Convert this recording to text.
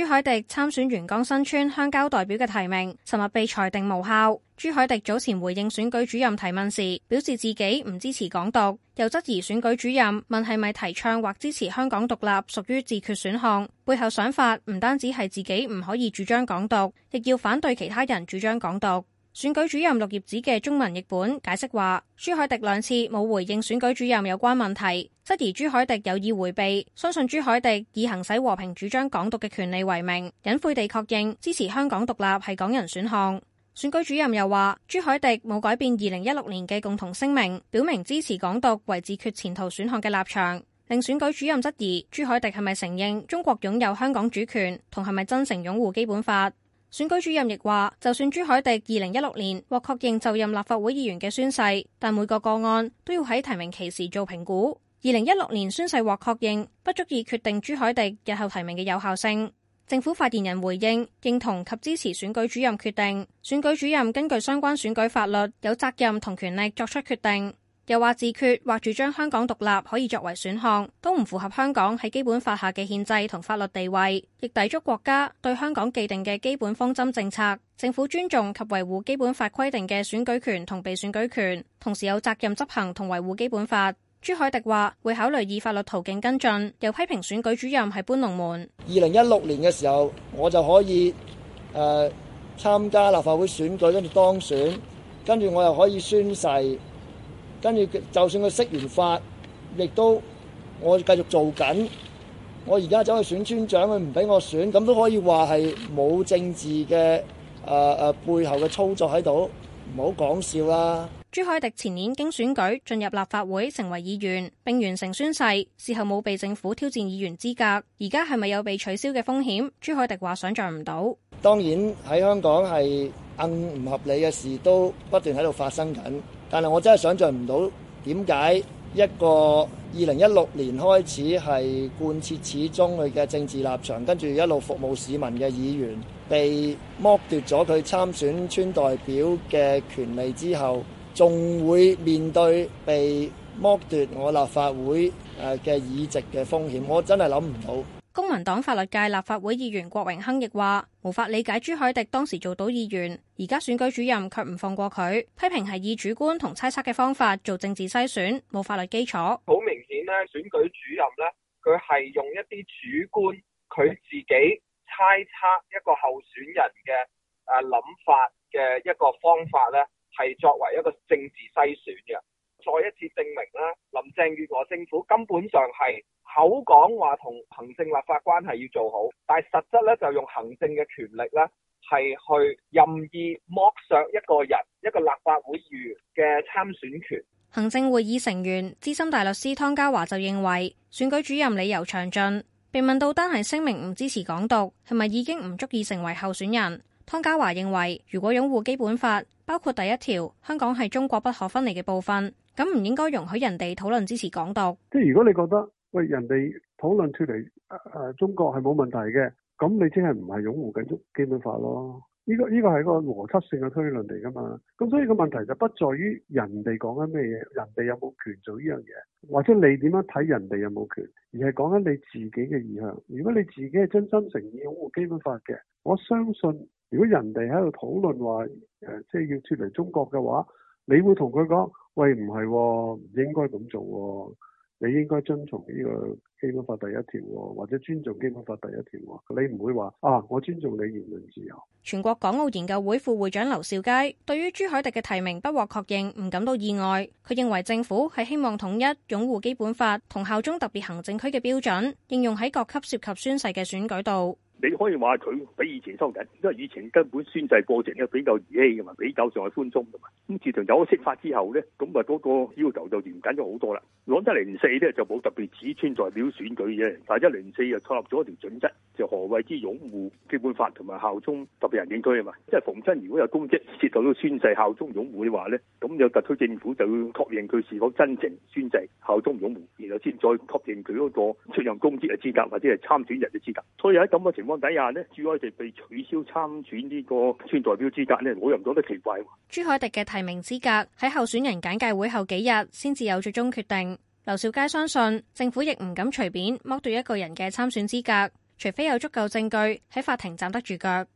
朱凱廸參選元崗新村鄉郊代表嘅提名，尋日被裁定無效。朱凱廸早前回應選舉主任提問時，表示自己唔支持港獨，又質疑選舉主任問係咪提倡或支持香港獨立屬於自決選項，背後想法唔單止係自己唔可以主張港獨，亦要反對其他人主張港獨。選舉主任六頁紙嘅中文譯本解釋話，朱凱廸兩次冇回應選舉主任有關問題。質疑朱凱廸有意迴避，相信朱凱廸以行使和平主張港獨嘅權利為名，隱晦地確認支持香港獨立係港人選項。選舉主任又話，朱凱廸冇改變二零一六年嘅共同聲明，表明支持港獨為自決前途選項嘅立場，令選舉主任質疑朱凱廸係咪承認中國擁有香港主權，同係咪真誠擁護基本法。選舉主任亦話，就算朱凱廸二零一六年獲確認就任立法會議員嘅宣誓，但每個個案都要喺提名期時做評估。二零一六年宣誓獲確認，不足以決定朱凱廸日後提名嘅有效性。政府發言人回應認同及支持選舉主任決定，選舉主任根據相關選舉法律有責任同權力作出決定。又話，自決或主張香港獨立可以作為選項，都唔符合香港喺基本法下嘅憲制同法律地位，亦抵觸國家對香港既定嘅基本方針政策。政府尊重及維護基本法規定嘅選舉權同被選舉權，同時有責任執行同維護基本法。朱凱廸話：會考慮以法律途徑跟進，又批評選舉主任係搬龍門。二零一六年嘅時候，我就可以誒、呃、參加立法會選舉，跟住當選，跟住我又可以宣誓，跟住就算佢釋完法，亦都我繼續做緊。我而家走去選村長，佢唔俾我選，咁都可以話係冇政治嘅誒誒背後嘅操作喺度，唔好講笑啦。朱凱廸前年經選舉進入立法會，成為議員，並完成宣誓，事後冇被政府挑戰議員資格。而家係咪有被取消嘅風險？朱凱廸話：想象唔到。當然喺香港係硬唔合理嘅事都不斷喺度發生緊，但係我真係想象唔到點解一個二零一六年開始係貫徹始終佢嘅政治立場，跟住一路服務市民嘅議員，被剝奪咗佢參選村代表嘅權利之後仲會面對被剝奪我立法會誒嘅議席嘅風險，我真係諗唔到。公民黨法律界立法會議員郭榮鏗亦話無法理解朱凱廸當時做到議員，而家選舉主任卻唔放過佢，批評係以主觀同猜測嘅方法做政治篩選，冇法律基礎，好明顯咧，選舉主任咧，佢係用一啲主觀，佢自己猜測一個候選人嘅誒諗法嘅一個方法咧。係作為一個政治篩選嘅，再一次證明啦，林鄭月娥政府根本上係口講話同行政立法關係要做好，但係實質咧就用行政嘅權力咧係去任意剝削一個人一個立法會議員嘅參選權。行政會議成員資深大律師湯家驊就認為，選舉主任理由詳盡，被問到單係聲明唔支持港獨，係咪已經唔足以成為候選人？湯家驊認為，如果擁護基本法，包括第一條，香港係中國不可分離嘅部分，咁唔應該容許人哋討論支持港獨。即係如果你覺得，喂，人哋討論脱離誒誒中國係冇問題嘅。咁你即係唔係擁護緊《基本法》咯？呢個呢個係一個邏輯性嘅推論嚟㗎嘛。咁所以個問題就不在於人哋講緊咩嘢，人哋有冇權做呢樣嘢，或者你點樣睇人哋有冇權，而係講緊你自己嘅意向。如果你自己係真心誠意擁護《基本法》嘅，我相信如果人哋喺度討論話誒，即係要脫離中國嘅話，你會同佢講：喂，唔係喎，唔應該咁做喎。你應該遵從呢個基本法第一條，或者尊重基本法第一條。你唔會話啊，我尊重你言論自由。全國港澳研究會副會長劉兆佳對於朱凱廸嘅提名不獲確認唔感到意外，佢認為政府係希望統一擁護基本法同效忠特別行政區嘅標準，應用喺各級涉及宣誓嘅選舉度。你可以話佢比以前收緊，因為以前根本宣誓過程咧比較兒戲嘅嘛，比較上係寬鬆嘅嘛。咁自從有咗釋法之後咧，咁啊嗰個要求就嚴謹咗好多啦。攞一零四咧就冇特別指村代表選舉嘅，但係一零四就創立咗一條準則，就是，何謂之擁護基本法同埋效忠特別行政區啊嘛。即係逢親如果有公職涉及到宣誓、效忠、擁護嘅話咧，咁有特區政府就要確認佢是否真正宣誓、效忠、擁護，然後先再確認佢嗰個出任公職嘅資格或者係參選人嘅資格。所以喺咁嘅情況。我底下呢，朱凱廸被取消參選呢個村代表資格呢，我又唔覺得奇怪。朱凱廸嘅提名資格喺候選人簡介會後幾日先至有最終決定。劉少佳相信政府亦唔敢隨便剝奪一個人嘅參選資格，除非有足夠證據喺法庭站得住腳。